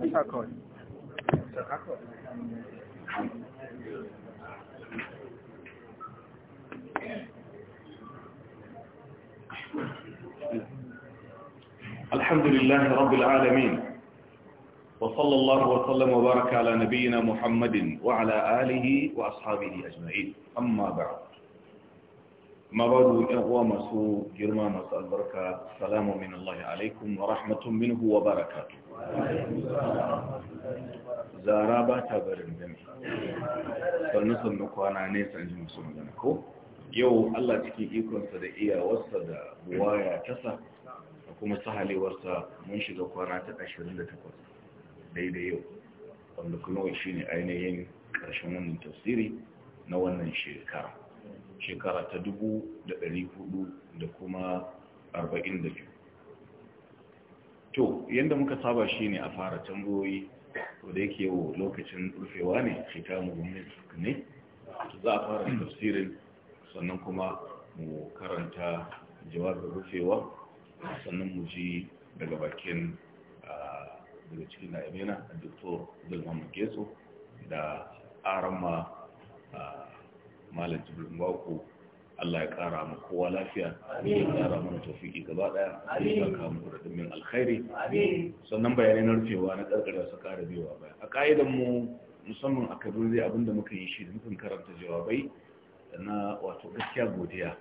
الحمد لله رب العالمين وصلى الله وسلم وبارك على نبينا محمد وعلى آله وأصحابه أجمعين أما بعد ما بعد إخوة مسوء جرما مساء البركة السلام من الله عليكم ورحمة منه وبركاته zara ba ta barin dami sannu sannu kwana nesa ji musu magana ko yau allah cikin ikonsa da iyawarsa da buwaya tasa da kuma sahalewarsa mun shiga kwana ta 28 daidai yau wanda kuma shi ne ainihin ƙarshen wannan tasiri na wannan shekara shekara ta dubu da da kuma arba'in to yadda muka saba shi ne a fara tambayoyi to da yake yau lokacin rufewa ne shekara muhimmin ne za a fara tafsirin sannan kuma mu karanta jawabin rufewa sannan mu ji daga bakin daga cikin na'imina a doktor zulman da arama malam jibirin bako Allah ya kara mu kowa lafiya ya kara mana tofiki gaba daya ya saka mu da dumin alkhairi sannan bayanai na rufewa na karkara su kara biyowa baya a ka'idan mu musamman a kaduna zai abinda muka yi shi da mukan karanta jawabai na wato gaskiya godiya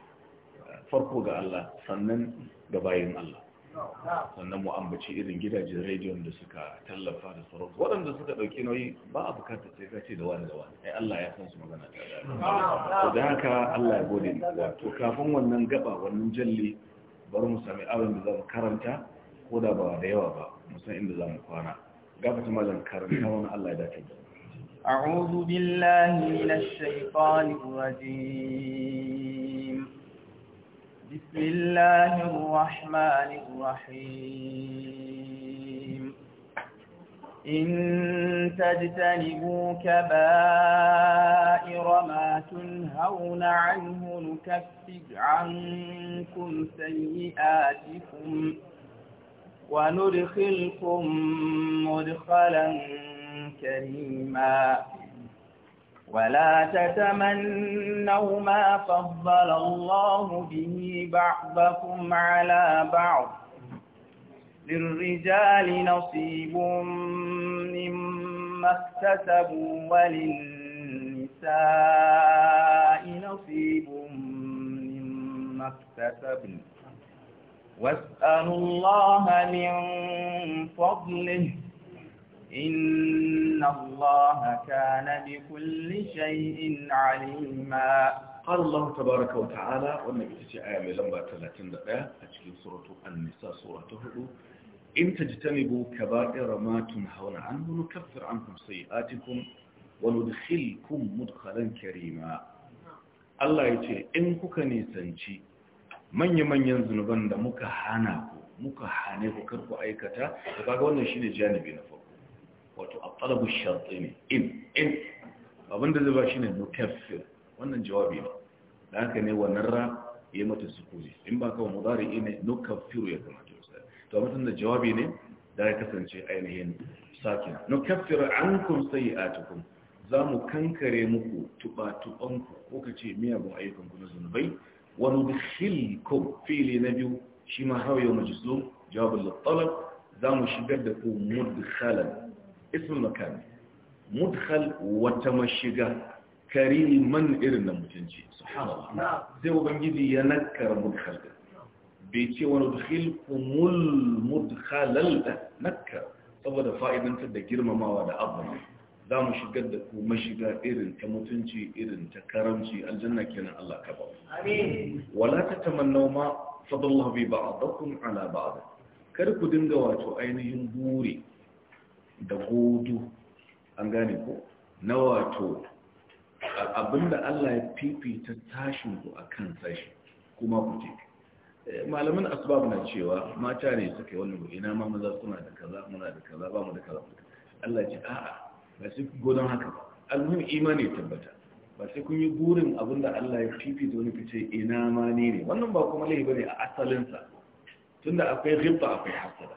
farko ga Allah sannan ga bayin Allah sannan mu ambaci irin gidajen rediyon da suka tallafa da sauran waɗanda suka ɗauki nauyi ba a bukatar sai kace da wani da wani ai Allah ya san su magana ta da da haka Allah ya gode ni wato kafin wannan gaba wannan jalli bari mu sami abin da zamu karanta ko da ba da yawa ba mu san inda zamu kwana gafata malam karanta wannan Allah ya dace da أعوذ بالله من الشيطان الرجيم بسم الله الرحمن الرحيم إن تجتنبوا كبائر ما تنهون عنه نكفر عنكم سيئاتكم وندخلكم مدخلا كريما ولا تتمنوا ما فضل الله به بعضكم على بعض للرجال نصيب مما اكتسبوا وللنساء نصيب مما اكتسبن واسألوا الله من فضله إن الله كان بكل شيء عليما قال الله تبارك وتعالى والنبي آية من لمبا 31 أجل سورة النساء سورة 4 إن تجتنبوا كبائر ما تنهون عنه نكفر عنكم سيئاتكم وندخلكم مدخلا كريما Allah ya ce in kuka nisanci manya-manyan zunuban da muka hana ku muka hane ku karku aikata da kaga wannan shine janibi na farko wato a talabu sharti ne in in abinda zai ba shi ne mutafir wannan jawabi ne da haka ne wannan ra ya mata sukuni in ba kawo mudari ne nukaffiru ya kamata ya to a mutum da jawabi ne da ya kasance ainihin sakin nukaffiru an kun sayi a tukun za mu kankare muku tuba-tubanku ko ka ce miyagun ayyukanku na zunubai wani bishilkum fili na biyu shi ma hauyo majisum jawabin lattalab za mu shigar da ku mudkhalan ismul makan mudkhal wata mashiga kariman irin na mutunci subhanallah sai ubangiji ya nakar mudkhal bai ce wani dukhil kumul mudkhalal da nakar saboda fa'idantar da girmamawa da abu za mu shigar da ku mashiga irin ta mutunci irin ta karamci aljanna kenan Allah ka ba wala ta tamanna ma fadallahu bi ba'dakum ala ba'd kar ku dinga wato ainihin buri da hudu an gane ko na wato abinda Allah ya fifita tashin ku akan sashi kuma ku ce eh, malamin asbab na cewa mata ne suke wannan ina ma maza suna da kaza muna da kaza ba mu da kaza Allah ce a'a ba sai ku godon haka ba almuhim imani tabbata ba sai kun yi burin abinda Allah ya fifita wani fice ina ma ne ne wannan ba kuma laifi bane a asalin sa tunda akwai ghibba akwai hasada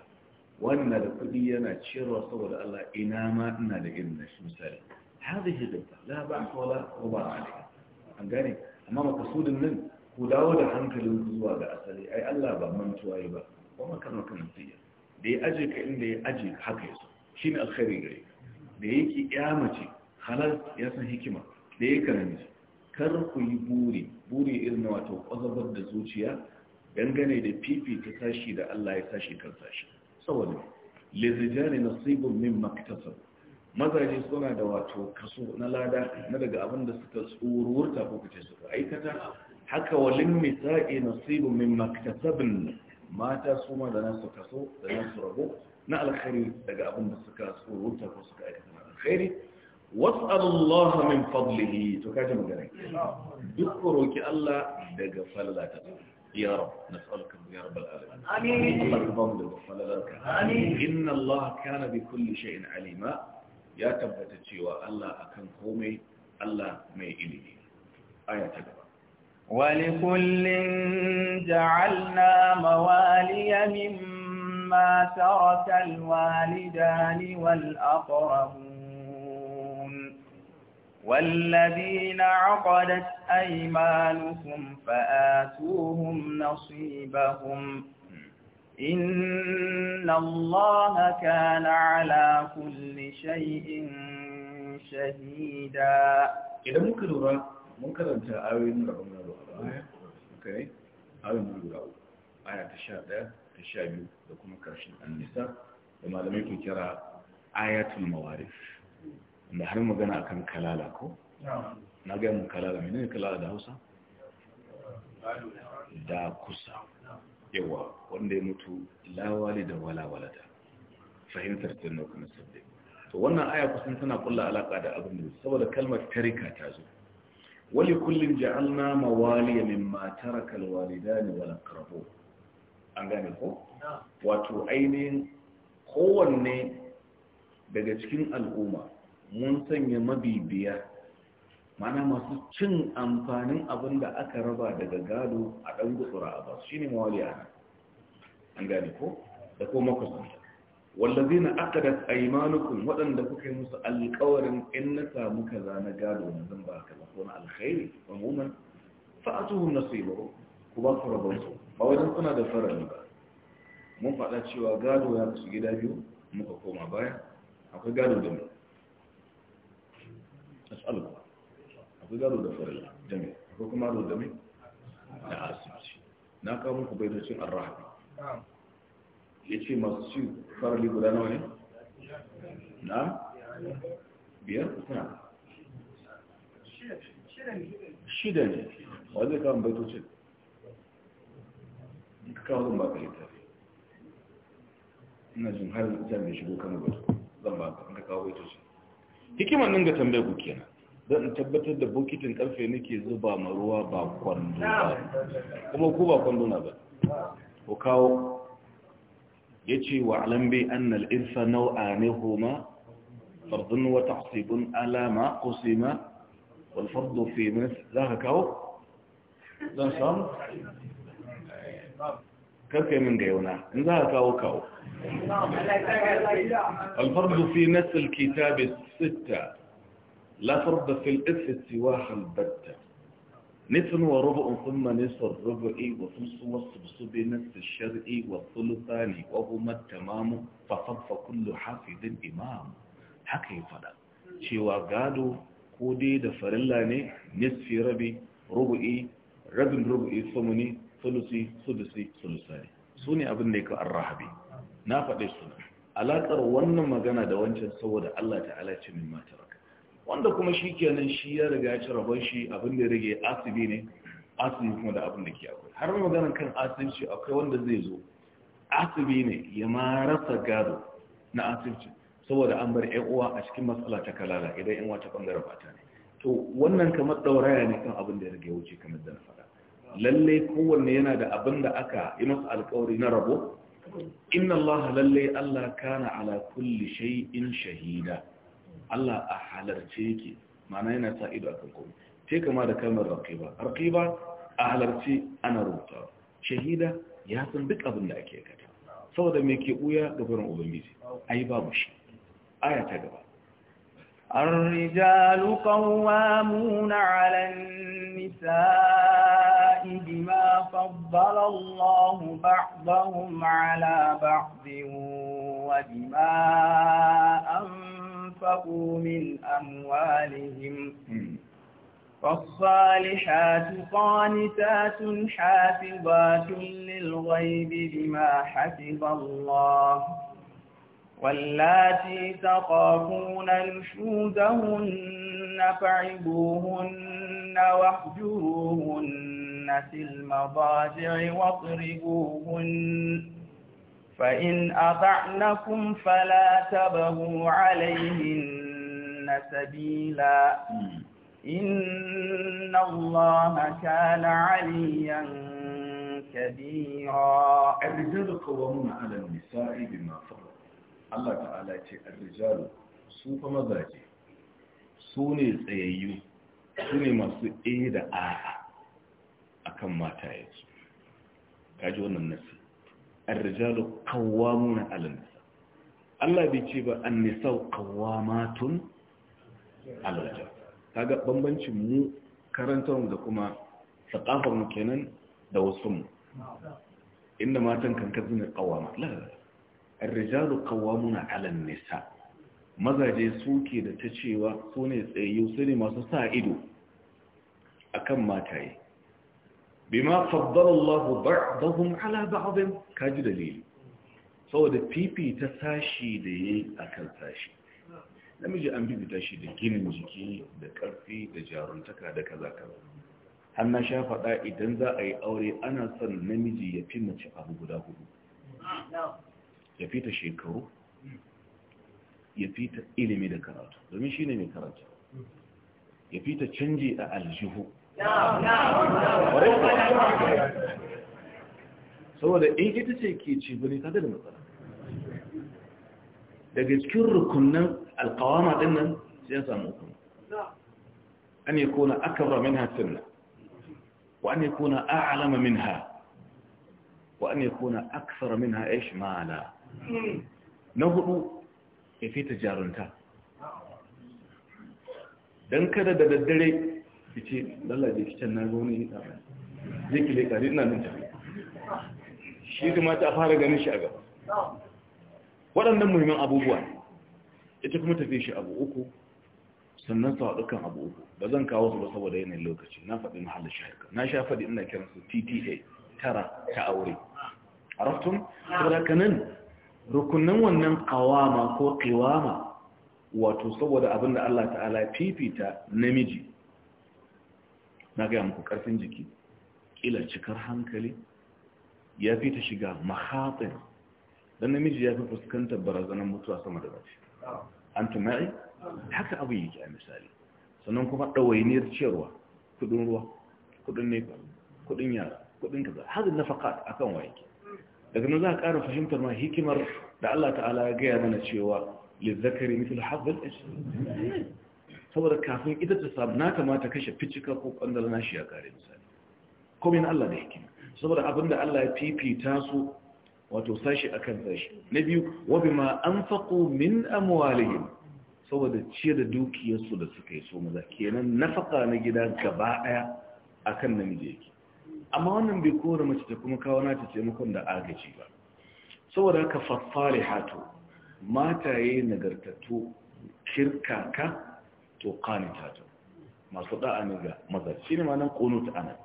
wannan da kuɗi yana ciyarwa saboda Allah ina ma ina da irin da shi misali hadhihi dabba la ba'a wala quba alayha an gane amma makasudin nan ku dawo da hankalin zuwa ga asali ai Allah ba mantuwa yi ba wa makar makar nasiya da ya aje ka inda ya aje ka haka yaso shine alkhairi gare ka da yake kiyamace ya san hikima da ya karanci kar ku yi buri buri irin wato kwazabar da zuciya dangane da fifita sashi da Allah ya sashi kan sashi saboda na nasibun min maktasar mazaje suna da wato kaso na lada na daga abin da suka tsururta ko kace suka aikata haka walin misa'i nasibun min maktasabin mata su ma da nasu kaso da nasu rabo na alkhairi daga abin da suka tsururta ko suka aikata na alkhairi was'alu Allah min fadlihi to kaje magana duk roƙi Allah daga fallata يا رب نسألك يا رب العالمين آمين الله يرضى وفللك آمين إن الله كان بكل شيء عليما يا تبت تشيوا الله أكن قومي الله ما إلي آية تقبل ولكل جعلنا موالي مما ترك الوالدان والأقربون والذين عقدت أيمانكم فآتوهم نصيبهم إن الله كان على كل شيء شهيدا إذا ممكن لورا ممكن أن تأوين ربما لورا أوكي هذا ممكن لورا أنا تشابه تشابه لكم كرشن النساء وما لم يكن كرا آيات الموارث da har magana akan kalala ko na gaya mun kalala mai ne kalala da hausa da kusa yawa wanda ya mutu lawali da walawalata fahimtar tunan kuma sabbi to wannan aya kusan tana kulla alaka da abin da saboda kalmar tarika ta zo wali kullum an ja'alna mawaliya mimma taraka alwalidani wal aqrabu an gane ko wato ainihin kowanne daga cikin al'umma mun sanya mabibiya mana masu cin amfanin abin da aka raba daga gado a ɗan gutsura a ba shi ne mawaliya an gane ko da ko makusanta wallazi na aka da aimanukun waɗanda kuka yi musu alkawarin in na samu ka zana gado na zan ba kaza ko na alkhairi na fa'atuhum nasibu ku ba ku rabon su ba wajen kuna da farali ba mun faɗa cewa gado ya su gida biyu muka koma baya akwai gado da mu نسأل الله akwai gado da farai dame akwai kuma gado da mai da asibiti na kawo muku baitocin arrahabi ya ce masu ci farali guda nawa ne na biyar kuna shida ne wa zai kawo baitocin ka kawo zan ba ka ita ina jin har zan mai shigo kan gaba zan ba ka kawo baitocin hikimar nan ga tambayar ku kenan don tabbatar da bokitin karfe nake zuba ma ruwa ba kwando ba kuma ku ba kwando na ba ku kawo ya ce wa alambe annal irsa nau'a ne homa fardun wata tahsibun alama qusima wal fardu fi min za ka kawo zan samu karfe min ga yauna in za ka kawo kawo الفرد في نسل الكتاب الستة لا فرد في الإف سواها البتة نف وربع ثم نص الربع وثلث والصبص بنص الشرع والثلثان وهما التمام ففض كل حافظ إمام حكي فلا شوى قادوا قودي دفر الله نصف ربي ربعي ربع ربعي ثمني ثلثي ثلثي ثلثاني سوني أبنك الرحبي na faɗe su alaƙar wannan magana da wancan saboda Allah ta'ala ce min mata raka. wanda kuma shi kenan shi ya riga ci rabon shi abin da ya rage asibi ne asibi kuma da abin da ke akwai har magana kan asibi akwai wanda zai zo asibi ne ya ma rasa gado na asibi saboda an bar yan uwa a cikin matsala ta kalala idan yan uwa ta bangare fata ne to wannan kamar dauraya ne kan abin da ya rage wuce kamar da na faɗa lalle kowanne yana da abin da aka yi masa alƙawari na rabo inna Allah lallai Allah kana ala kulli shay'in shahida Allah a halarce yake ma'ana yana sa ido akan komai sai kama da kalmar raqiba raqiba a halarci ana rubuta shahida ya san duk abin da ake kata saboda me ke buya ga gurin ubangiji ai babu shi aya ta gaba الرجال قوامون على النساء بما فضل الله بعضهم على بعض وبما أنفقوا من أموالهم فالصالحات قانتات حافظات للغيب بما حفظ الله واللاتي تقافون نشوزهن فعبوهن واهجروهن في المضاجع واضربوهن فإن أطعنكم فلا تبغوا عليهن سبيلا إن الله كان عليا كبيرا الرجال قوامون على النساء بما فرق الله تعالى الرجال سوف مزاجي سوني ne سوني su ne Kan mata ya ce kaji wannan nasi ar-rijalu qawwamuna 'ala an-nisa Allah bai ce ba an-nisa'u qawwamatun 'ala ar-rijal kaga bambancin mu karantarmu da kuma tsakafar mu kenan da wasu mu inda matan kan zina ne qawwama la ar-rijalu qawwamuna 'ala an-nisa mazaje suke da ta cewa su ne tsayayyu su ne masu sa ido akan mataye bima faddalallahu ba'dahum ala ba'dhin kaji dalili saboda pipi ta sashi da yayi kan sashi namiji an bibita shi da ginin jiki da karfi da jaruntaka da kaza kaza har na sha faɗa idan za a yi aure ana son namiji ya fi mace abu guda hudu ya fi ta shekaru ya fi ta ilimi da karatu domin shi ne mai karatu ya fi ta canji a aljihu saboda in ita ce ke ci bane ta da matsala daga cikin rukunan alkawama din nan sai ya samu hukun an yi kona akabra min hatinna wa an yi kona a'alama min ha wa an yi kona aksara min ha ya shimala na hudu ya fi ta jarunta don kada da daddare ki ce lallaje ki can na ga wani ita ba zai ki leƙa ina nan tafi shi kuma ta fara ganin shi a gaba waɗannan muhimman abubuwa ita kuma tafi shi abu uku sannan su haɗu kan abu uku ba zan kawo su ba saboda yanayin lokaci na faɗi mahallin shahika na sha faɗi ina kiran su tta tara ta aure a raftun saboda kanan rukunan wannan kawama ko kiwama wato saboda abinda Allah ta'ala fifita namiji na gaya muku karfin jiki kila cikar hankali ya fi ta shiga mahatsin dan namiji ya fi fuskantar barazanar mutuwa sama da zafi an tuma'i haka abu yake a misali sannan kuma ɗawainiyar ciyarwa kudin ruwa kudin nefa kudin yara kudin kaza hadin a akan waye daga nan za a ƙara fahimtar ma hikimar da Allah ta'ala ya gaya mana cewa lizzakari mitul hadhal saboda kafin ita ta samu na kamata kashe ficika ko kwandar na shi ya kare misali komin Allah da hikima saboda abinda Allah ya fifita su wato sashi kan sashi na biyu wabi ma an faƙo min amuwalihin saboda ciyar da dukiyarsu da suka yi so maza kenan nafaka na gida gaba a akan namiji yake amma wannan bai kowane mace ta kuma kawo nata taimakon da agaji ba saboda haka faffare hato mataye nagartattu kirkaka to ta masu da'a ne ga Shi ne ma nan ta ana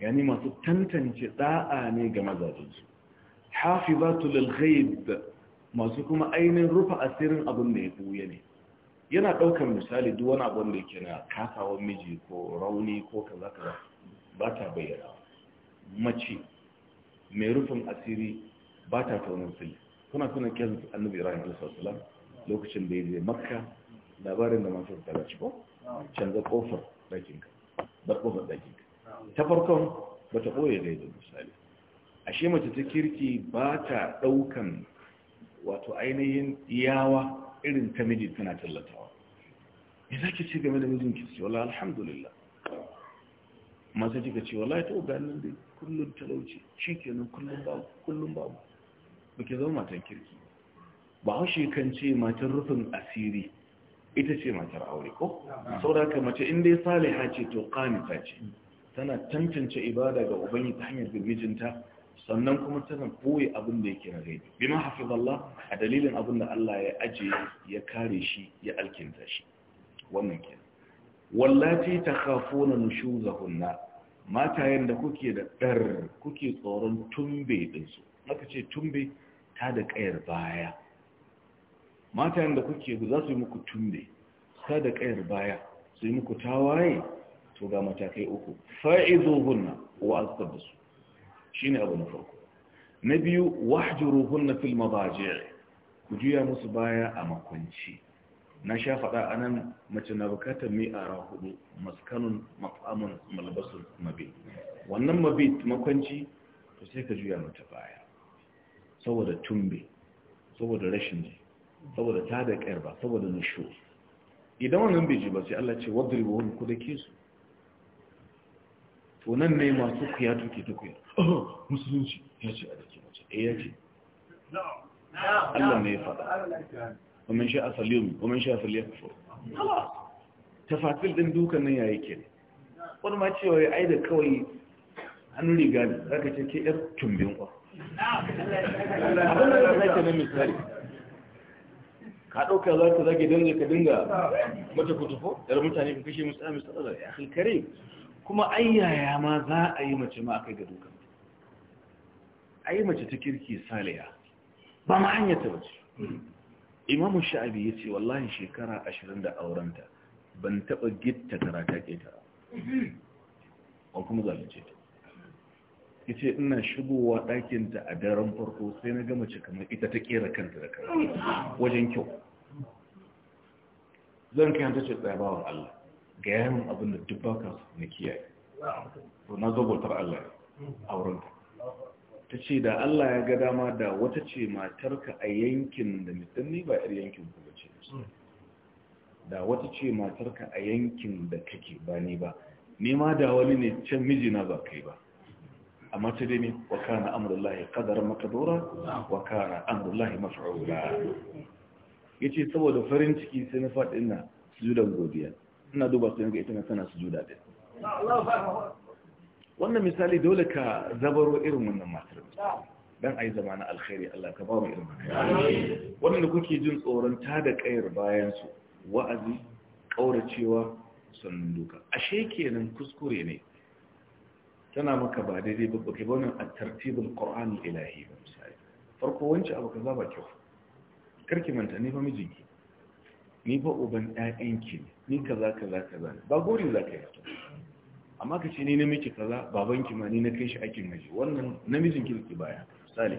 yani masu tantance da'a ne ga mazajinsu hafizatu lil da masu kuma ainihin rufe asirin abin da ya buye ne yana daukar misali duk wani abin da yake na kasawar miji ko rauni ko kaza kaza ba ta bayyana mace mai rufin asiri ba ta taunin sili kuna suna kyan annabi ibrahim sallallahu alaihi wasallam lokacin da ya je makka labarin da masu da ci ko canza kofar dakinka da kofar dakinka ta farkon ba ta ɓoye da misali ashe mace ta kirki ba ta ɗaukan wato ainihin iyawa irin ta miji tana tallatawa me za ki ce game da ki ce wala alhamdulillah masu kika ce wala ta nan dai kullum talauci shi kenan kullum babu kullum babu ba ke zama matan kirki ba haushe kan ce matan rufin asiri ita ce matar aure ko sauraka mace in dai saliha ce to qanita ce tana tantance ibada ga ubangiji ta hanyar gurgijinta sannan kuma tana boye abin da yake na gaibi bima hafizallah a dalilin abin da Allah ya aje ya kare shi ya alkinta shi wannan kenan wallati takhafuna nushuzahunna matayen da kuke da dar kuke tsoron tumbe dinsu maka ce tumbe ta da kayar baya matayen da kuke za su yi muku tumbe sa da kayar baya su yi muku tawaye to ga matakai uku fa'izo hunna wa azkar da su shi ne abu na farko na biyu wahjuru hunna ba jere, ku juya musu baya a makwanci na sha faɗa a nan mace na bukatar ara hudu maskanun matsamun malbasun mabi wannan mabi makwanci to sai ka juya mata baya saboda tumbe saboda rashin ji saboda ta da ƙayar ba saboda nushu idan wannan bai ji ba sai Allah ce wadda ribo wani kuda ke su to nan ne masu kuya tuke ta kuya musulunci ya ce a da ke mace eh ya ce Allah ne ya faɗa ومن شاء sha a شاء فليكفر خلاص تفاصيل ɗin dukan nan yayi ke wani ma cewa ya aida kawai an riga ne zaka ce ke ƴar tumbin kwa Allah ya ke na misali ka ɗauka za ka zage danne ka dinga mata kutufo yar mutane ka kashe musu amis tsada ya halkare kuma ayyaya ma za a yi mace ma akai ga dukan a yi mace ta kirki saliya ba ma hanyarta mace imamu sha'abi ya ce wallahi shekara ashirin da aurenta ban taɓa gitta karata ta. an kuma zalunce ta ya ce ina shigowa ɗakinta a daren farko sai na gama ce kamar ita ta ƙera kanta da kanta wajen kyau zan kai hanta ce tsayabawan Allah ga yayin abin da duk baka na kiyaye to na zo bautar Allah a wurinka ta ce da Allah ya ga dama da wata ce matarka a yankin da mutum ba 'yar yankin ku ba ce da wata ce matarka a yankin da kake ba ni ba ma da wani ne can mijina ba kai ba amma ta dai ne wa kana amrullahi qadaran makdura wa kana amrullahi ya ce saboda farin ciki sai na faɗi ina sujudan godiya ina duba sai ga ita na tana sujuda din wannan misali dole ka zabaro irin wannan matar a yi zamanin alkhairi Allah ka ba mu irin wannan wannan da kuke jin tsoron ta da kayar bayan su wa'azi ƙauracewa sannan duka ashe kenan kuskure ne tana maka ba daidai ba ba kai wannan a tartibin qur'ani ilahi ba misali farko wancan abu kaza ba kyau karki manta ni fa mijinki ni ba uban ne, ni kaza kaza kaza ba gori za ka yi amma ka ce ni namiji kaza babanki ma ni na kai shi aikin miji wannan namijin kirki baya misali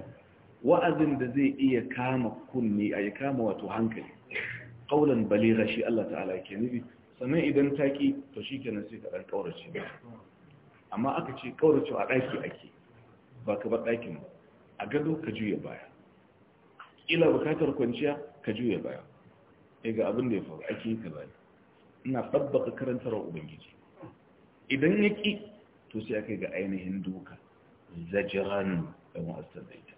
wa'azin da zai iya kama kunni a ya kama wato hankali kaulan baligha shi Allah ta'ala ke nufi sannan idan taki to shi shikenan sai ka dan kaurace amma aka ce kaurace a ɗaki ake ba ka bar ɗakin ba a gado ka juya baya ila bukatar kwanciya ka juya baya ya eh, ga abin da ya faru ake yi ka zai ina tabbaka karantarwar ubangiji idan ya ƙi to sai aka ga ainihin duka zajiran da ma'asar da ita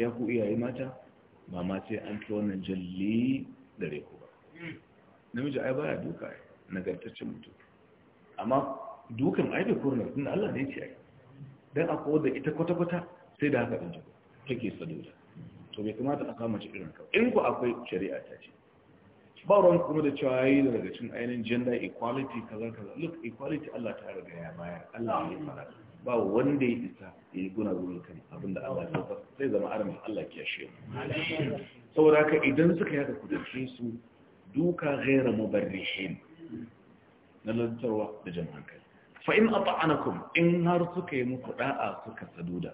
ya ku iyaye mata ba ma sai an fi wannan jalli dare reku ba namiji ai baya duka nagartaccen mutum amma dukan aibe bai kurna tun Allah ne ce ai dan akwai wanda ita kwata kwata sai da haka dinta take saduda to bai kamata a kama shi irin ka in ku akwai shari'a ta ce ba ruwan kuma da cewa yayi daga cikin ainihin gender equality kaza kaza look equality Allah ta riga ya bayar Allah ne fara ba wanda ya isa ya yi guna guna kan abinda Allah ya fara sai zama arami Allah ke shi saboda haka idan suka yaka kudurce su duka ghaira mubarrihin na lantarwa da jama'an fa'in a ba'anakun in har suka yi muku ɗa'a suka saduda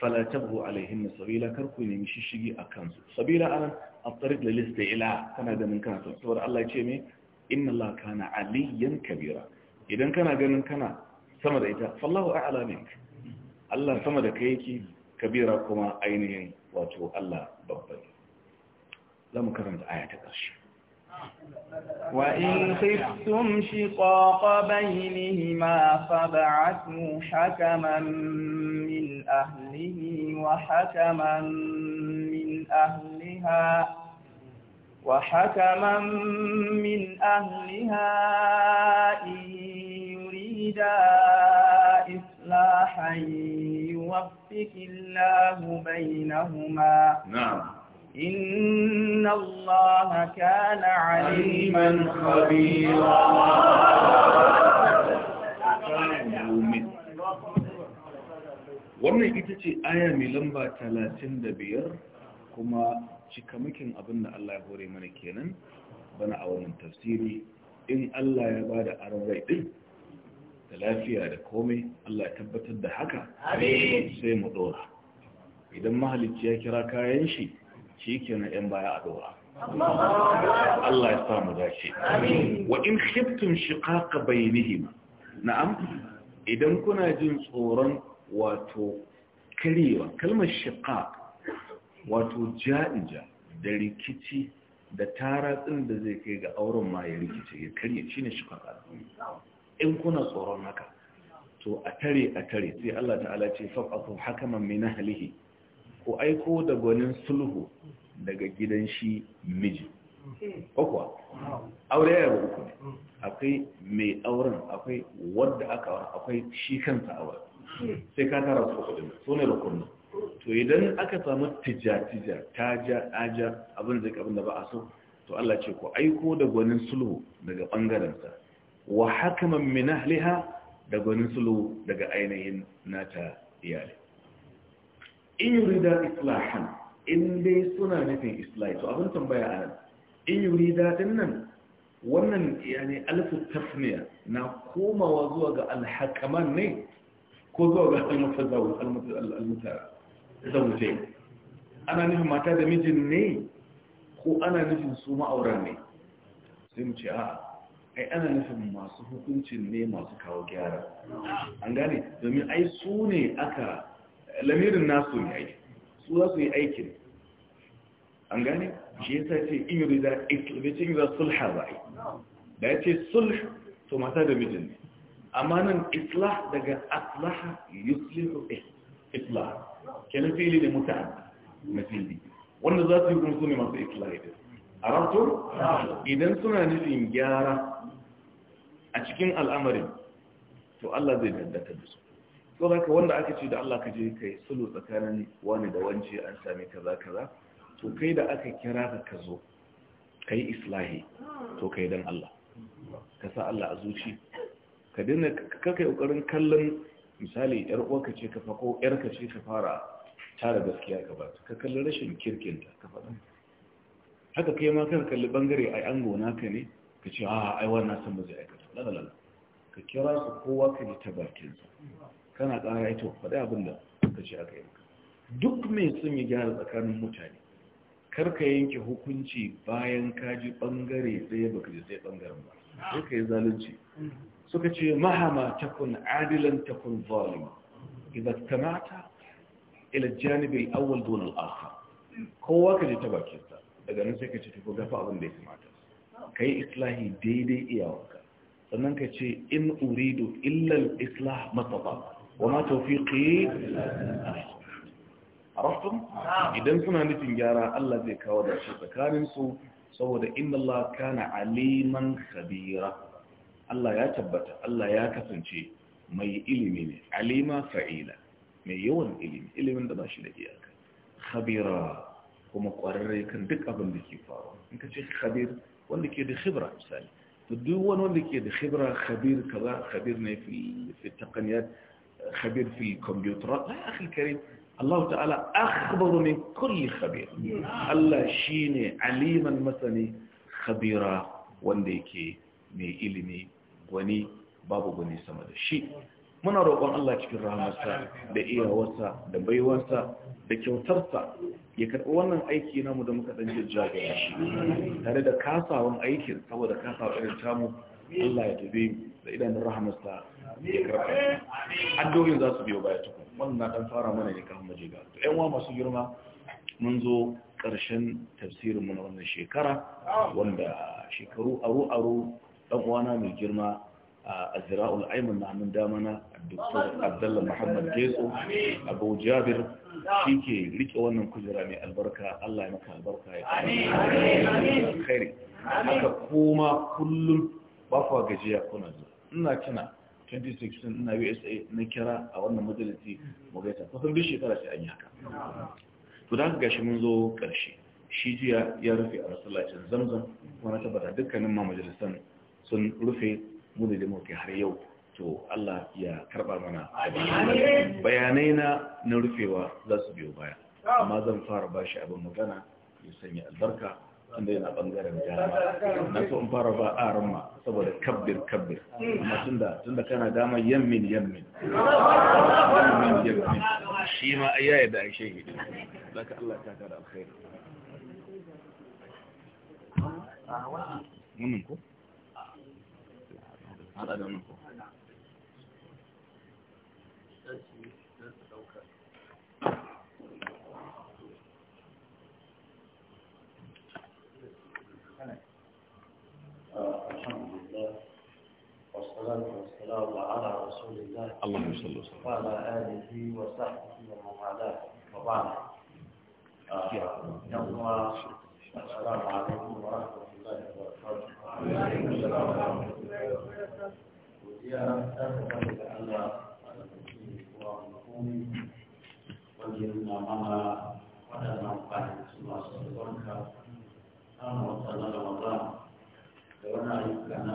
falatabu alaihin na sabila karku nemi shishigi a kansu sabila anan a tsarik da lista ila kana ganin kana son saboda Allah ce mai inna Allah kana aliyan kabira idan kana ganin kana sama da ita fallahu a'ala mink Allah sama da kai yake kabira kuma ainihin wato Allah babba ne za mu karanta aya ta ƙarshe وإن خفتم شقاق بينهما فبعثوا حكما من أهله وحكما من أهلها وحكما من أهلها إن يريدا إصلاحا يوفق الله بينهما نعم إن الله كان عليما خبيرا wannan ita ce aya mai lamba talatin da biyar kuma cikamakin abin da Allah ya hore mana kenan bana a wannan tafsiri in Allah ya ba da aron rai ɗin da lafiya da komai Allah ya tabbatar da haka sai mu ɗora idan mahalicci ya kira kayan shi shi kenan ‘yan baya a dora. Allah ya samu dace. Wa in shiftun shiƙaƙa bainihim, na'am, idan kuna jin tsoron wato karewa, kalmar shiƙaƙ wato ja'ija da rikici da tara tsin da zai kai ga auren ma ya rikice ya karye shi ne shi shiƙaƙa. In kuna tsoron haka, to a tare a tare sai Allah ta'ala ce Fafafun hakaman na halihi? ko aiko da gwanin sulhu gidan shi miji ko aure ya yi uku ne akwai mai auren akwai wadda aka aura, akwai shi kansa aure sai ka tara su kudin su ne rukunna to idan aka samu tija-tija taja aja abin da abin da ba a so to Allah ce ku aiko da gwanin sulhu daga bangarensa wa hakaman min ahliha da gwanin sulhu daga ainihin nata iyali in yurida islahan in dai suna nufin islai to abin tambaya a nan in yuri daɗin nan wannan yani alfu tasniya na komawa zuwa ga alhakaman ne ko zuwa ga almutazawuje ana nufin mata da mijin ne ko ana nufin su ma'auran ne sai mu ce a'a ai ana nufin masu hukuncin ne masu kawo gyara an gane domin ai su ne aka lamirin nasu ne aiki su za su yi aikin an gane shi yasa ce in rida islamitin za sulha ba yi da ya ce sulh to mata da mijin amma nan islah daga aslaha yuslihu islah kenan fili da muta'addi na fili wanda za su yi kuma su ne masu islah idan a rafto idan suna nufin gyara a cikin al'amarin to Allah zai dandatar da su sau da wanda aka ce da Allah ka je kai sulu tsakanin wani da wance an sami kaza kaza to kai da aka kira ka ka zo ka yi islahi to kai don Allah ka sa Allah a zuci ka ka kakai kokarin kallon misali yar uwa ka ce ka fako ka ce ka fara tara gaskiya ka ba ka kalli rashin ta ka fada haka kai ma kan kalli bangare ai an gona ka ne ka ce a ai wannan san ba zai aikata la ka kira su kowa ka ji ta bakin kana ƙara ito faɗi abin da ka ci aka yi duk mai sun yi gyara tsakanin mutane karka yanke hukunci bayan kaji ɓangare ɗaya baka ji sai ɓangaren ba sai ka yi zalunci suka ce mahama takun adilan takun zalima idan kamata ila janibin awal donar alfa kowa ka je ta bakinsa daga nan sai ka ce tafi gafa abin da ya kamata ka yi islahi daidai iyawarka, sannan ka ce in uridu illal islah matsaba وما توفيقي عرفتم idan suna nufin gyara Allah zai kawo da shi tsakanin su saboda inna Allah kana aliman khabira Allah ya tabbata Allah ya kasance mai ilimi ne alima fa'ila mai yawan ilimi ilimin da ba shi da iyaka khabira kuma kwararre kan duk abin da ke faru in ka ce khabir wanda ke da khibra misali to duk wani wanda ke da khibra khabir kaza khabir ne fi fi taqniyat خبير في الكمبيوترات لا يا أخي الكريم الله تعالى أخبر من كل خبير الله شيني عليما مثني خبيرا وانديكي مي إلمي babu gani sama da shi muna rokon Allah cikin rahamarsa da iyawarsa da baiwarsa da kyautarsa ya karɓi wannan aiki namu da muka ɗan jirja ga shi tare da kasawan aikin saboda kasawa irin tamu Allah ya tafi da idanun rahamarsa ya karfa addoyin za su biyo baya tukun wannan na fara mana ne kan majiga to ƴan wa masu girma mun zo ƙarshen tafsirin mu na wannan shekara wanda shekaru aro aro dan uwana mai girma a zira'ul aiman na hannun dama na dr abdullah muhammad geso abu jabir shi ke rike wannan kujera mai albarka allah ya maka albarka ya kare haka kuma kullum ba kuwa gajiya kuna zuwa ina kina 2016 ina usa na kira a wannan majalisi magaita kusan duk shekara sai an yi haka to da haka gashi mun zo karshe shi jiya ya rufe a masallacin zamzam kuma na tabbata dukkanin ma majalisan sun rufe mu da kai har yau to Allah ya karba mana bayanai na na rufewa za su biyo baya amma zan fara bashi abin magana ya sanya albarka wanda yana bangaren dama na so in fara ba a rama saboda kabbir kabbir amma tunda da kana dama yammin yammin yammin yammin shi ma ai yaya da aishe hidi zaka Allah ta kada a wannan ko hada da wannan ko والسلام على رسول الله اللهم صل وسلم وعلى آله وصحبه ومن والاه وبعد الله. السلام عليكم ورحمة الله وبركاته وديا أهلا لألا وجدنا معنا وأنا مقاعد سمع صدرك أنا وصلنا رمضان لو أنا أنا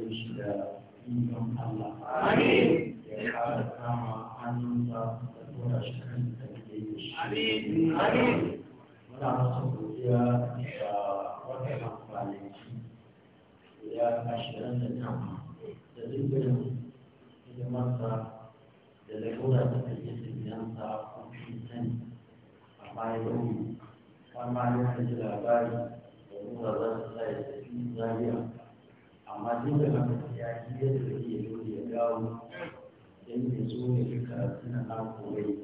gare shi da ingon Allah. Amin. Ya kara kama hannunsa da tura shi kan da ke yi shi. Amin. Amin. Muna masa godiya da wata amfaniki ya ashirin da tama da dukkanin hidimarsa da lalura da kake tsinyansa ko fi sani a bayan har ma lokacin labari da nuna za su sa ya tafi zariya amma duk da haka ya yi yadda zai yi ya dawo don ya zo ne fi karatu na hakurai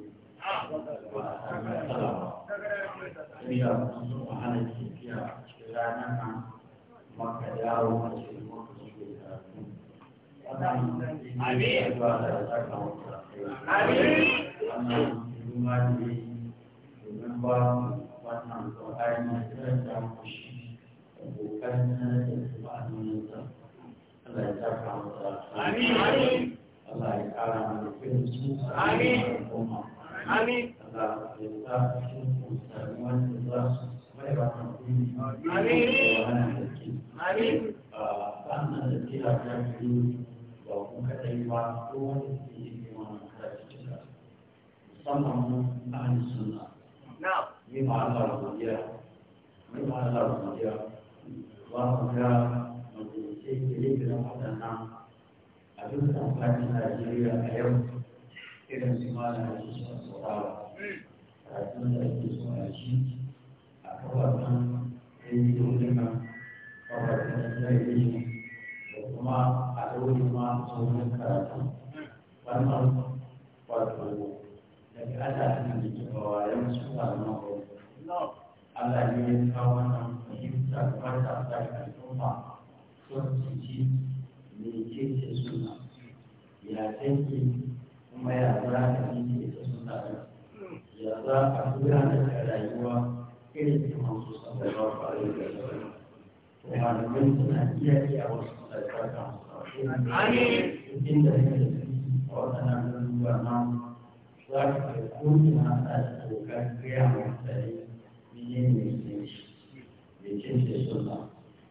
ba a sami matsala ba tafiya sun wahala a cikin ranar nan maka dawo a cikin lokacin da karatu Amin. Amin. الله يرفع آمين آمين الله يجعل من فيهم آمين آمين الله يفتح فيهم سلمان الله ويرحم فيهم آمين آمين فأنا الذي لا يجوز وهم كتيبا كون في إمام كتيبا صنعوا أهل السنة نعم لما الله رضي الله لما الله رضي الله kirkirin waɗannan a Najeriya a yau irin su ma na yake son saurara karatun da ake so a shi a kafafen kafafen da kuma a ɗauri ma karatun wannan wato daga Allah da ke bawa yau su Allah ne ya kawo wannan fahimta al'umma tsottaci mai kece suna ya take kuma ya za a yi kece suna ya za a gudanar da rayuwa irin da masu sanar da faru da sauran kuma da mun suna iya iya wasu da karka inda ya ke a waɗannan garuruwa na za ka kai kuna a tsokar gaya mai tsari ne ne mai kece suna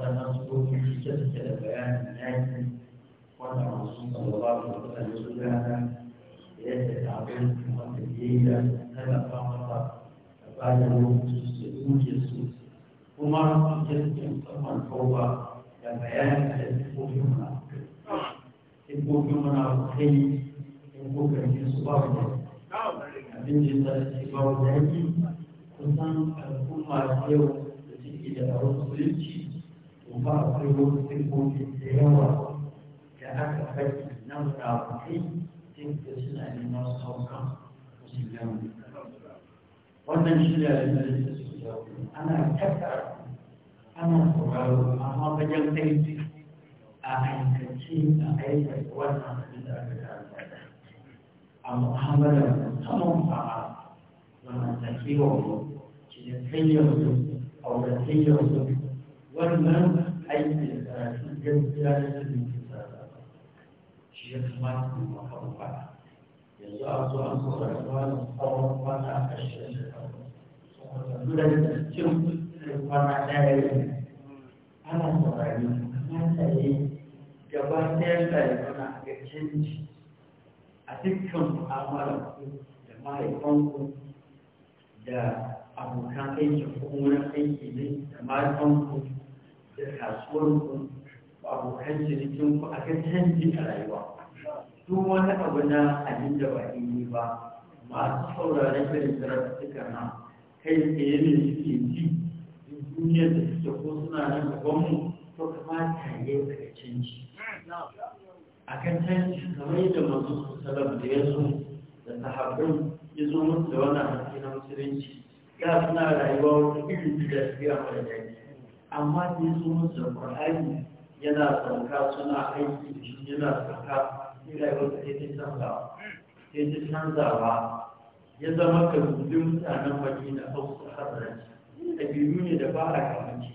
والمقصود من سلسلة بيان الناس وأن الرسول صلى الله عليه وسلم يقول هذا ليس التعبير كما تجيب هذا فقط فقال له يوجس وما يمكن طبعا هو بيان الحكومة الحكومة الخير الحكومة في صباح abin da za su ba wa daji kusan al'umma yau da suke da a wasu وباطل تكون الديوة كأنك بيت النظر الرحيم تكتسل أن الناس خوفا وسلم wannan shi da ana tattara ana sauraro amma wajen aiki a aikace a aikata wannan abin da aka karanta a mu'amalar musamman ba a zamantakewar mu cikin tayyar su auratayyar su wannan aikin karatu gaskiya ya ce ne ke sarrafa shi ya kamata mu mafarfa yanzu a zo an saurari wani tsawon kwana ashirin da takwas saboda da cin kwana ɗaya ne ana saurari kamata ya yi gaba ɗaya rayuwa a ga canji a dukkan mu'amalar da mahaifanku da abokan aiki ko wurin aiki ne da mahaifanku da kasuwarku abokan cinikinku a kan canji a rayuwa duk wani abu na abin da ba yi ba masu sauraron shirin zarafika na kai tsaye ne suke ji duniyar da suke ko suna nan gabanmu to kamata ya yi ka canji a kan canji kamar yadda masu salam da ya zo da sahabbin ya zo musu da wannan hankali na musulunci da suna rayuwa wata irin da ya fi da amma sai su musu yana sauka suna aiki da shi yana sauka sai rayuwar ta ta canza sai ta canza ba ya zama ka dubi mutanen Madina a hausa hadara da biyu ne da ba a kamanci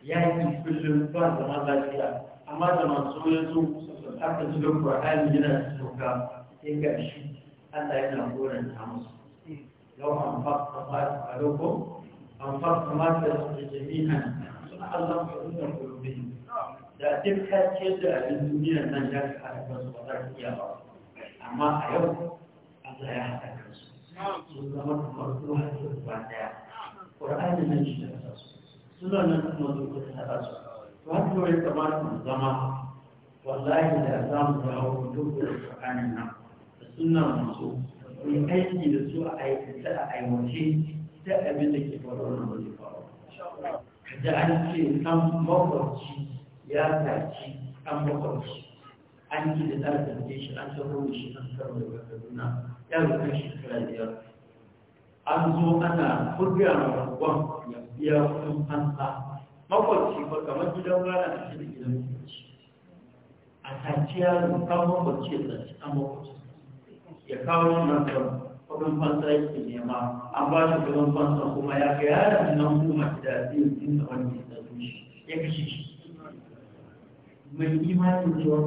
yi kullum ba zama lafiya amma da masu yanzu aka zuga Qur'ani yana sauka ya gashi shi Allah yana goranta musu. Yau an fa a fa a أنفرت ما تلقوا جميعا صنع الله حدود قلوبهم da duk kacce da abin duniyar nan ya fi harkar su ba za iya ba amma a yau Allah ya haɗa kansu sun zama kamar ruwa da ɗaya ƙur'ani nan shi da ƙasa su suna nan kuma zuwa ta haɗa su to haka yau ya kamata mu zama wallahi da za mu dawo duk da ƙur'anin nan da suna masu mu aiki da su a aikata a aiwace da abin da ke faruwa na wani faruwa ka an ce an makwarci ya taci an makwarci an ki da ɗan zarge shi an taho da shi an karo daga kaduna ya rufe biyar an zo ana kurga ma ragon ya biya kuɗin fansa makwarci ba kamar gidan rana a cikin gidan makwarci a taci yaro kan makwarci ya taci an makwarci ya kawo shi nan karo kudin fansa yake nema an ba shi kudin fansa kuma ya ga yaran nan kuma da shi ya kashe shi mai imanin cewa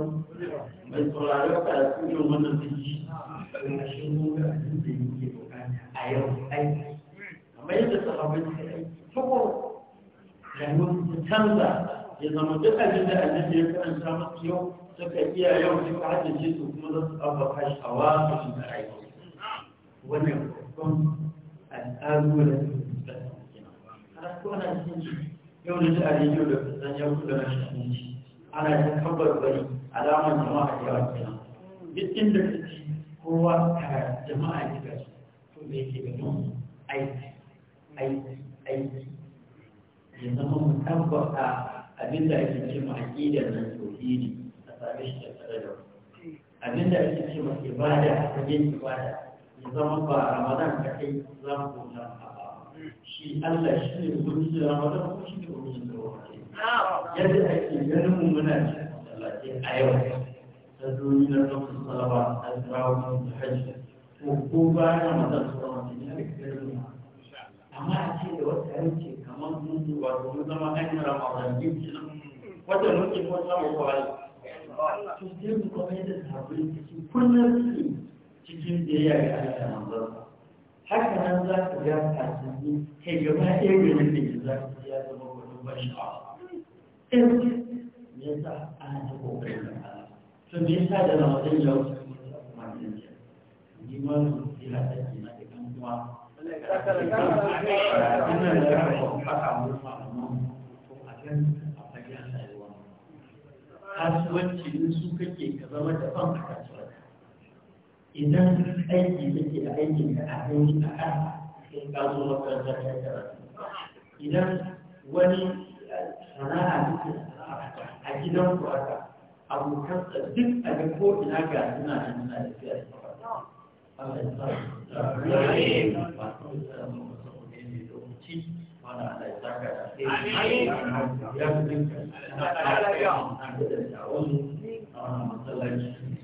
mai saurari ka su yi wannan biki da shi mu ga abin da yake bukata a yau aiki kamar yadda sahabbai suka aiki tukur ta canza ya zama da ya iya yau wannan babban al'amuran ana cikin yau da ji yau da kusan yau da rashin abinci ana ta kabar bari alamar jama'a da yawa kenan duk inda ka ci kowa ka jama'a ne ga su to me ke da mun aiki aiki aiki ya zama mu tabbata abin da ake ce ma da nan tauhidi a same shi da tsare da abin da ake ce ma ibada a fagen ibada zama ba ramadan ka kai za mu bauta maka ba shi Allah shi ne gudu da ramadan ko shi ne gudu da wani yadda ake ganin mu muna cikin masallaci a yau ta doni na ɗaukar salama ta turawa da hajji ko ko ba ramadan su ramadan ya rike ganin mu amma a ce da wata yanke kamar mun zuwa domin zama kan ramadan yin kinan wata nuke ko samun kwari to sai mu kuma yadda sabbin cikin kullum su cikin ya ga Allah da manzansa haka nan za ku ga kasanni kai gaba ɗaya garin da ke za ku ya zama gwanin ban sha'awa ne ya sa ana ta kokarin da Allah to me yasa da ramadan ya wuce kuma ta kuma jiya. ni ma su ila ta ke na kan kuma ina da yawa ba ka mu ma amma ko a kan a fagen rayuwa kasuwanci ne su kake ka zama da ban a kasuwa idan aiki take aiki aikin da a gani a kan in ka zo makaranta ta karatu idan wani sana'a take a gidan ku haka abokansa duk a ga ko ina ga suna da suna da fiye da Allah ya sa ya fi dinka a da masallaci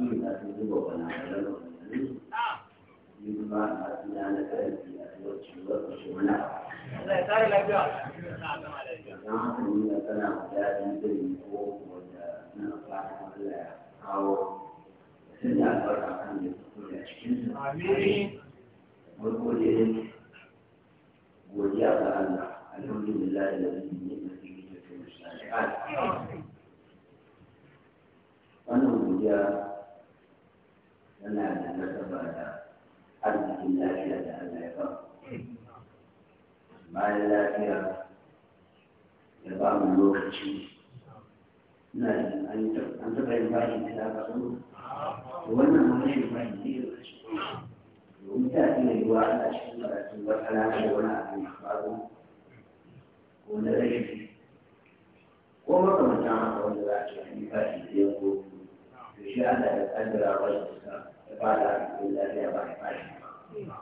wannan godiya yana da nasaba da arzikin lafiya da Allah ya ba bayan lafiya ya ba mu lokaci ina jin an taɓa yin bashi da za ka so wannan ba shi ne ya rashin domin ta iya yi wa a cikin karatu wata rana da wani abu ya faru ko na rashin ko makamantan haka wanda za a ce a yi bashi da ya ko shi Allah ya kaddara wa shi sa ya ba da abin lafiya ba ya bashi ba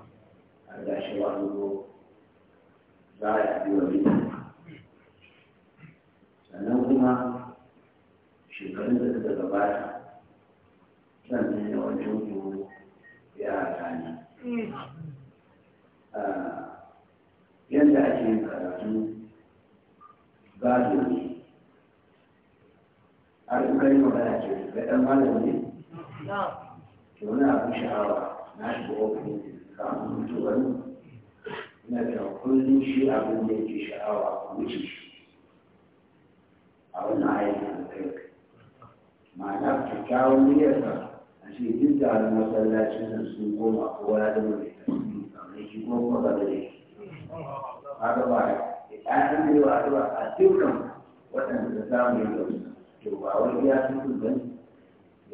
an ga shi wa zo za a yi wa bita sannan kuma shekarun da suka gabata zan ne da wajen ku ya gani ah, yadda ake karatu gado ne har in kai magana ce kai ɗan malami ne ke wani abin sha'awa na shiga ofin kafin mutuwar ina da kullum shi abin da yake sha'awa a wuce shi a wannan ayyukan da kai ma'ana kyakkyawan niyyarsa a ce duk da wani masallacin nan sun goma kowa ya zama mai tasiri kamar shi ko kuma ba da yake da ba ya ɗan da ba a dukkan waɗanda samun yau to ba wani iya sun ba ne da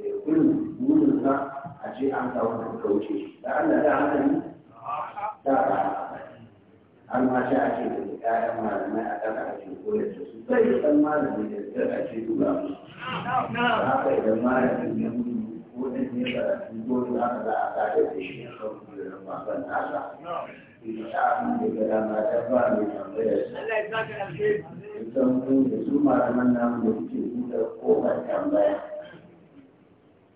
eh, ya kullum burin sa a ce an samu da kuka wuce shi da Allah da hankali da ba an ma sha a ce da ƴaƴan malamai a kan ake koyar da su sai ɗan malami da ya ce duba musu haka idan malamin ya mutu wannan ne ba dole za ka za a kada da shi a kan kujerar makon nasa ita abin da ga dama ta ba mai tambayar su san kun da su malaman namu da kuke buɗe kofar tambaya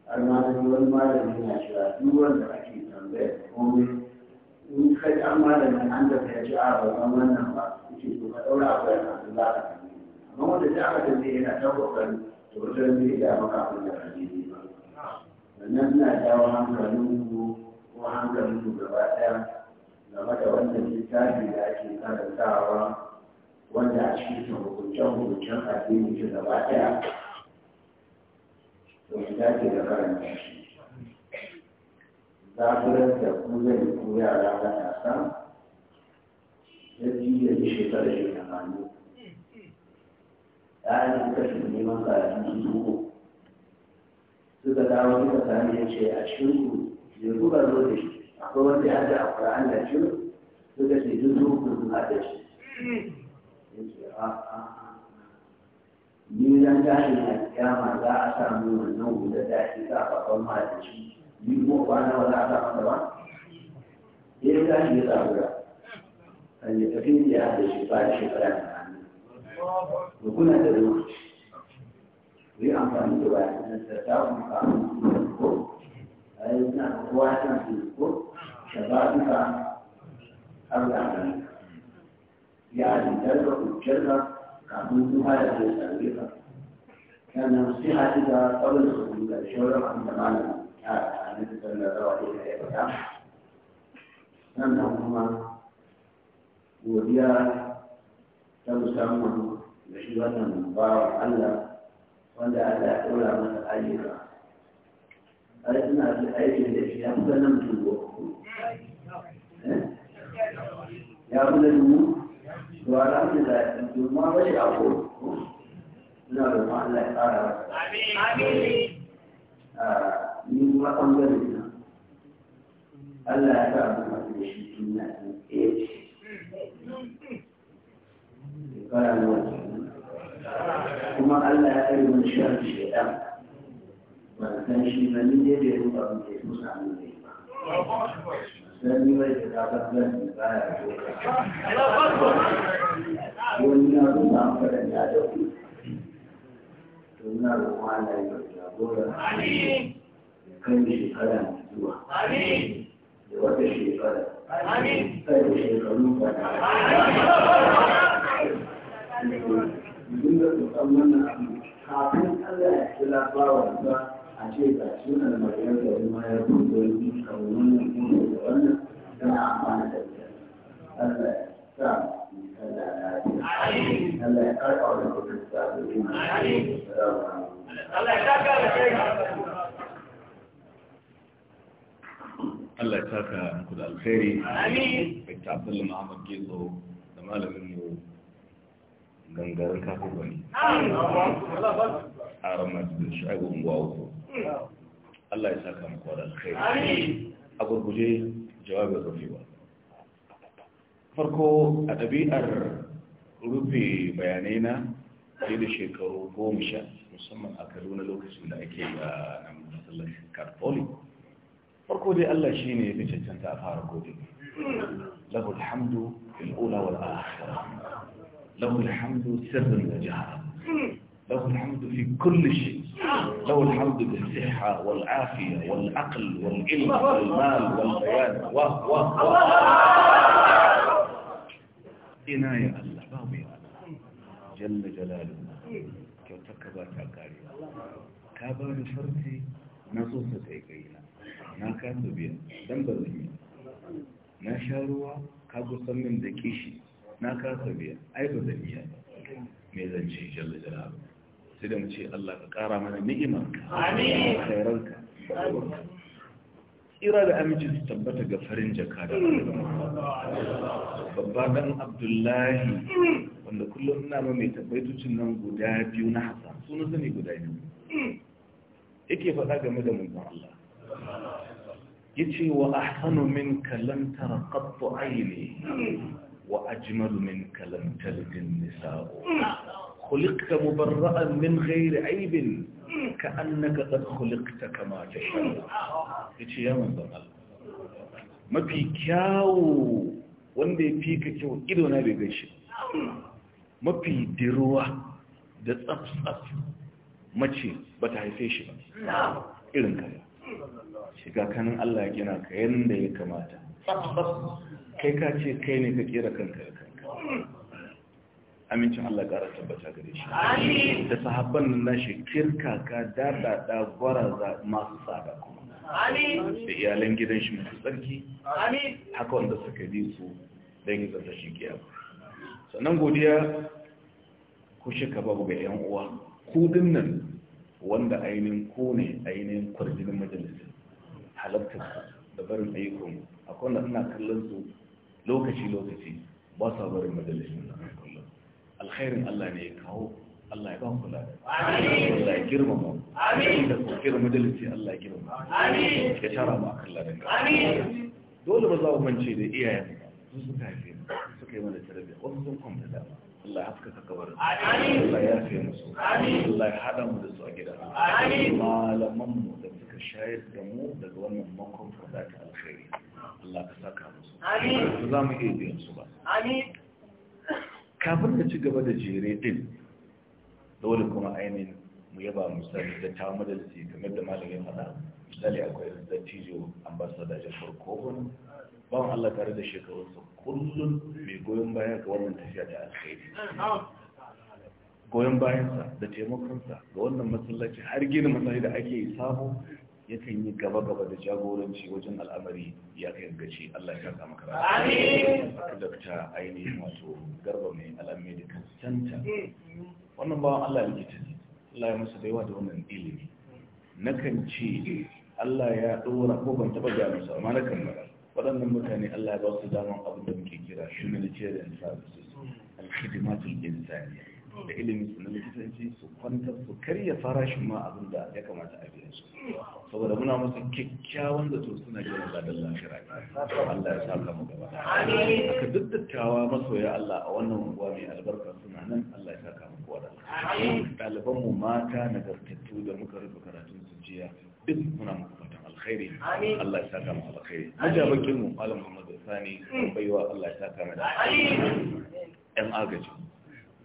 har ma da wani malami na cewa duk wanda ake tambayar komai in ka ji an malamin an da ya ci a babban wannan ba kuke so ka ɗaura a bayan masu za ka amma wanda ta aka tambaye yana ta kokarin to wata ne ya maka abin da ka ji ba sannan suna jawo hankalinku ko hankalinku gaba ɗaya game da wannan littafi da ake karantawa wanda a cikin hukunce-hukuncen addini ke gaba ɗaya da su dace da karanta shi zafirar da ku zai ku yara matasa ya ji da ji shekarar shekaru ɗayan kashin neman karatu su suka dawo suka sami ya ce a shirku ya kuka zo da shi akwai wanda ya da ƙura'an da shi suka ce duk zuwa ku zuwa da shi ya ce a ni zan tashi na kyama za a samu wannan guda da shi ka babban shi. ni ko kwana ba za a sa masa ba ya yi gashi ya samu da kan yi tafi ya da shi ba shi ƙara'an da kuna da lokaci yi amfani da bayanan da ta wuka ko a yi na kowa yana su ko da ba su ka har da nan ya alintar da kuciyar ka kafin su haya da sarari ka sannan sai haɗi da tsawon da su da shauran an da malam ya tsanin sallar rawa da ya faɗa sannan kuma godiya ta musamman da shi wannan bawan Allah wanda Allah ya ɗora masa ayyuka har ina da aikin da shi ya fi nan dubu eh? ya fi da dubu to alhamdulillah dubu ma bai a ko ina da ma Allah ya ƙara masa ah, ni kuma ɓangare na Allah ya sa mu masu da shi duniya ɗin ɗaya hmm. ce. na wajen kuma Allah ya kai mun shirin shaitan ba san shi ba ni dai bai ruba mu ke musa mu ne ba dan ni wai da ba zan ba ya ko ni na ruba mu da ya da ku to na ruwa na ya jagora amin kan shekara zuwa amin da wata shekara amin sai shekaru ba amin jumlar dukkan wannan abu kafin Allah ya ci labawa ba a ce ga shi na mariyar da kuma ya fito yi kan wannan kuma da wannan don a amfana da ita Allah ya sa Allah ya lafiya Allah ya karɓa wani kuma da ta zo yi Allah ya saka da kai Allah ya saka muku da alkhairi. Amin. Dr. Abdullahi Muhammad Gizo da malamin mu gangarar kafin wani a ramadu da shaibu unguwa Allah ya saka muku da a gurguje jawabin rufewa farko a ɗabi'ar rufe bayanai na fiye da shekaru goma sha musamman a kaduna lokacin da ake a nan masallacin farko dai Allah shi ne ya cancanta a fara gode lahul hamdu lil'ula wal له الحمد سر النجاح له الحمد في كل شيء له الحمد بالصحة والعافية والعقل والعلم والمال والبيان و و و يا الله بابي الله جل جلاله كيف تكبات عقاري كابان فرتي نصوصة إيقينا ما كاتبين دنبا ذهين نا شاروا كابو صمم ذكيشي na kasa biya ai ba zan me zan jalla jalla sai da mu ce Allah ka kara mana ni'imar ka amin khairanka Ira da aminci su tabbata ga farin jaka da babba dan abdullahi wanda kullum ina ma mai tabbaitucin nan guda biyu na hasan suna sani guda biyu yake faɗa game da mun Allah yace wa ahsanu minka lam tara qattu ayni وأجمل منك لم تلد النساء خلقت مبرأ من غير عيب كأنك قد خلقت كما تشاء يا من ضمال ما في كاو وندي في كاو إذا نبي بيش ما في دروة دت أب أب ما شيء بتاعي فيش ما إلنا كذا شجع كان الله يجينا كأن ده كما kai ka ce kai ne ka kera kanka da kanka amincin Allah ƙara tabbata gare shi da sahabban nan nashi kirkaka gwara gwaraza masu tsada kuma da iyalan gidan shi masu tsarki haka wanda suka bi su don yin zata shi giya sannan godiya ku shika babu ga yan uwa ku nan wanda ainihin ko ne ainihin kwarjinin majalisar halartar da barin ayyukan akwai wanda ina kallon su lokaci lokaci ba sa barin majalisun nan kullum alkhairin Allah ne ya kawo Allah ya ba ku lada amin Allah ya girmama amin da ku kira majalisi Allah ya girmama amin ya tara mu akan ladan amin dole ba za mu mance da iyayen mu sun haife mu suka yi mana tarbiyya wasu sun kwanta dama Allah ya haskaka kabarin Allah ya yafe musu Allah ya hada mu da su a gida malaman mu da suka shayar da mu daga wannan makon fada ta alkhairi Allah ka saka musu ba za mu iya biyan su ba kafin da ci gaba da jere din dole kuma ainihin mu yaba misali da ta madalci game da malami faɗa misali akwai dattijo ambasada da farko wani bawan Allah tare da shekarunsa kullum mai goyon baya ga wannan tafiya ta alkhairi goyon bayansa da taimakonsa ga wannan masallaci har gina masallaci da ake yi sabo yakan yi gaba-gaba da jagoranci wajen al'amari ya kai gaci Allah ya kama maka rafi dakta ainihin wato garba mai alamai da kansanta wannan bawan Allah likita ne Allah ya masa da yawa da wannan ilimi nakan ce Allah ya dora ko ban taɓa gaya musu amma kan mara waɗannan mutane Allah ya ba su daman abin da muke kira humanitarian services al-khidmatul insaniya da ilimin su na likitanci su kwantar su karya farashin ma abin da ya kamata a biyan su saboda muna musu kyakkyawan da to suna gina ladan lafiya Allah ya saka mu gaba aka duk dattawa masoya Allah a wannan unguwa mai albarka suna nan Allah ya saka mu kowa ɗaliban mu mata nagartattu da muka rufe karatun su jiya duk muna muku fatan alkhairi Allah ya saka mu alkhairi majabakin mu Malam Muhammad Sani baiwa Allah ya saka mu da yan agaji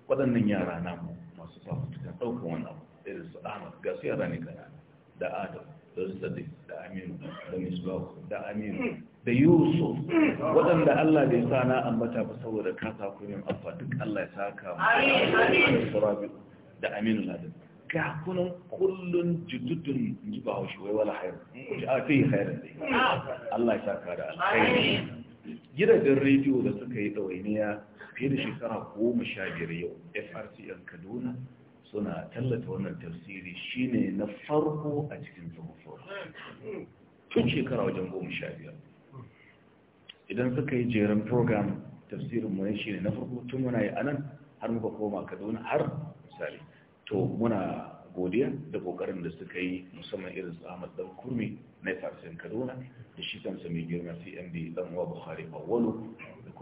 waɗannan yara namu masu fafutuka ɗaukar wani abu irin su ahmad ga yara ne kanana da adam da sadiq da aminu da misbahu da aminu da yusuf waɗanda allah ya sa na ambata ba saboda kasa kunin afa duk allah ya saka mu da aminu da ga kunan kullun jududun ji ba haushi wai wala hayar ji a fi hayar da allah ya sa ka da alkhairi gidajen rediyo da suka yi ɗawainiya fiye da shekara goma sha biyar yau frcn kaduna suna tallata wannan tafsiri shine na farko a cikin tsohuwar tun shekara wajen goma sha biyar idan suka yi jeren program tafsirin mu shine na farko tun muna yi anan har muka koma kaduna har misali to muna godiya da kokarin da suka yi musamman irin su Ahmad dan Kurmi na Farsin Kaduna da shi kansa mai girma CMD dan wa buhari Awwalu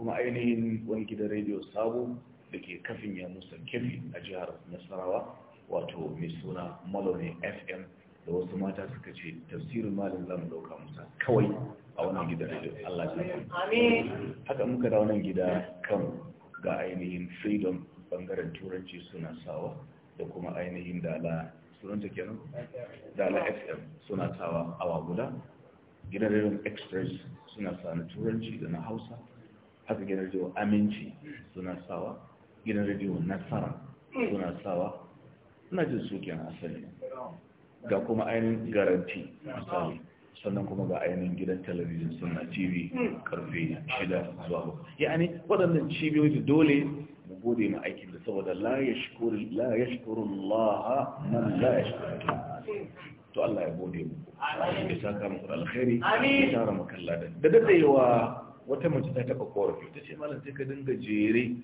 kuma ainihin wani gidan rediyo sabo da ke kafin ya musa kefi a jihar nasarawa wato mai suna malone fm da wasu mata suka ce tafsirin malin zamu dauka musa kawai a wannan gidan rediyo allah ya haka muka da wannan gida kan ga ainihin freedom bangaren turanci suna sawa da kuma ainihin dala sunanta kenan dala fm suna sawa awa guda gidan rediyon express suna sa na turanci da na hausa haka gidan rediyo aminci suna sawa gidan rediyo nasara suna sawa suna jin sukiyar asali ga kuma ainihin garanti asali sannan kuma ga ainihin gidan talabijin suna tv karfe shida zuwa ba ya ne waɗannan cibiyoyi dole mu gode ma aikin da saboda la ya la Allah man la ya shukuru to Allah ya gode mu ya saka muku alkhairi ya tara makalla da daddayewa wata mace ta taba korafi ta ce malam sai ka dinga jere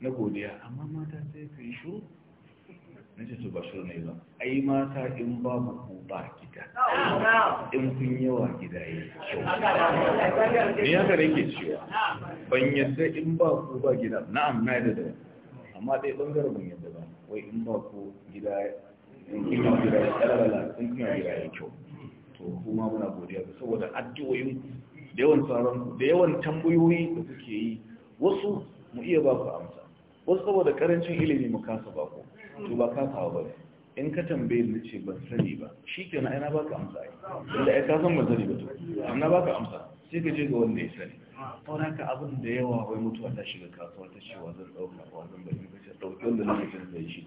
na godiya amma mata sai ka yi shuru na ce su ba shuru ne ba ai mata in mu ku ba gida in kun yawa gida ya kyau ne ya kare ke cewa ban yadda in ba ku ba gida na'am na yadda da amma dai bangaren ban yadda ba wai in ba ku gida in kun yawa gida ya kyau to kuma muna godiya saboda addu'o'in da yawan tsaron da yawan tambayoyi da kuke yi wasu mu iya ba ku amsa wasu saboda karancin ilimi mu kasa ba ku to ba kasawa ba ne in ka tambaye ni ce ban sani ba shi ke na ina baka amsa ai inda ai ka san ban sani ba to amma baka amsa sai ka je ga wanda ya sani kawai haka abin da yawa wai mutuwa ta shiga kasuwa ta cewa zan ɗauka ba zan bari in kace ɗauki wanda na kace zai shi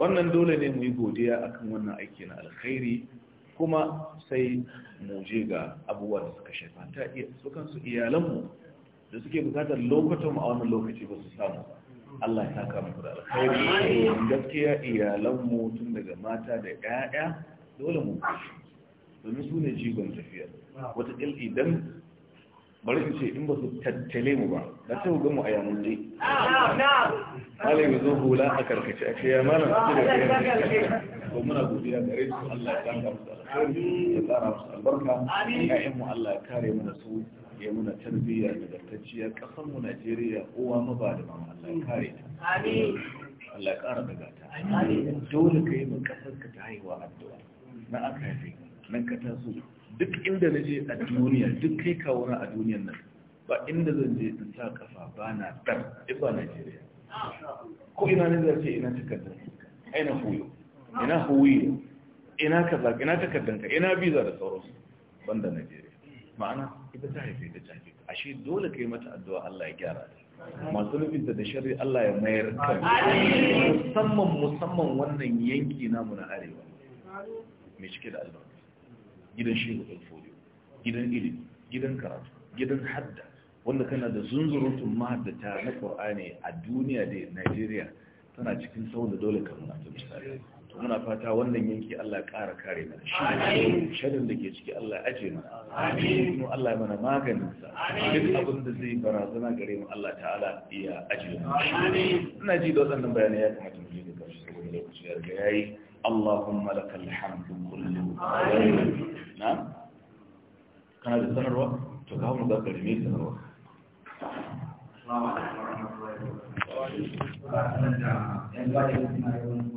wannan dole ne mu yi godiya akan wannan aiki na alkhairi kuma sai mu je ga abubuwa da suka shafa ta iya su kansu iyalanmu da suke bukatar lokacin a wannan lokaci ba su samu Allah ya saka muku da alkhairi gaskiya iyalanmu tun daga mata da ƴaƴa dole mu kushe domin su ne jigon tafiya wata idan bari in ce in ba su tattale mu ba da ta ga mu a yamun dai malami zo hula a karkace a ce ya malam su da to muna godiya gare su Allah ya saka musu ya tsara albarka ƴaƴan mu Allah ya kare mu da su ya muna tarbiyya mu Najeriya kowa maba da mama Allah ya kare ta amin Allah ya kara daga ta amin dole kai kasar ka ta haihuwa addu'a na aka nan ka taso duk inda a duniya duk kai a nan ba inda zan je in sa kafa ba na dar ba Najeriya ko ina ne zai ce ina koyo ina huwiya ina kaza ina takardanka ina biza da sauransu banda najeriya ma'ana ita ta haife ta tafi ashe dole yi mata addu'a Allah ya gyara ta masu nufinta da shari Allah ya mayar kan musamman musamman wannan yanki namu na arewa mai cike da albarka gidan shehu ɗalfoliyo gidan ilimi gidan karatu gidan hadda wanda kana da zunzurutun mahaddata na ƙur'ani a duniya da najeriya tana cikin sau da dole ka mutum misali muna fata wannan yanki Allah ƙara kare mana shi da ke ciki Allah aje mana kuma Allah mana maganinsa duk abin da zai barazana gare mu Allah ta'ala iya aje mana ina ji da waɗannan bayanai ya kamata mu je da ƙarshe saboda lokaci ya riga yayi Allahumma lakal hamdu kullu na kana da sanarwa to ka mu ga karime sanarwa Assalamu alaikum warahmatullahi wabarakatuh.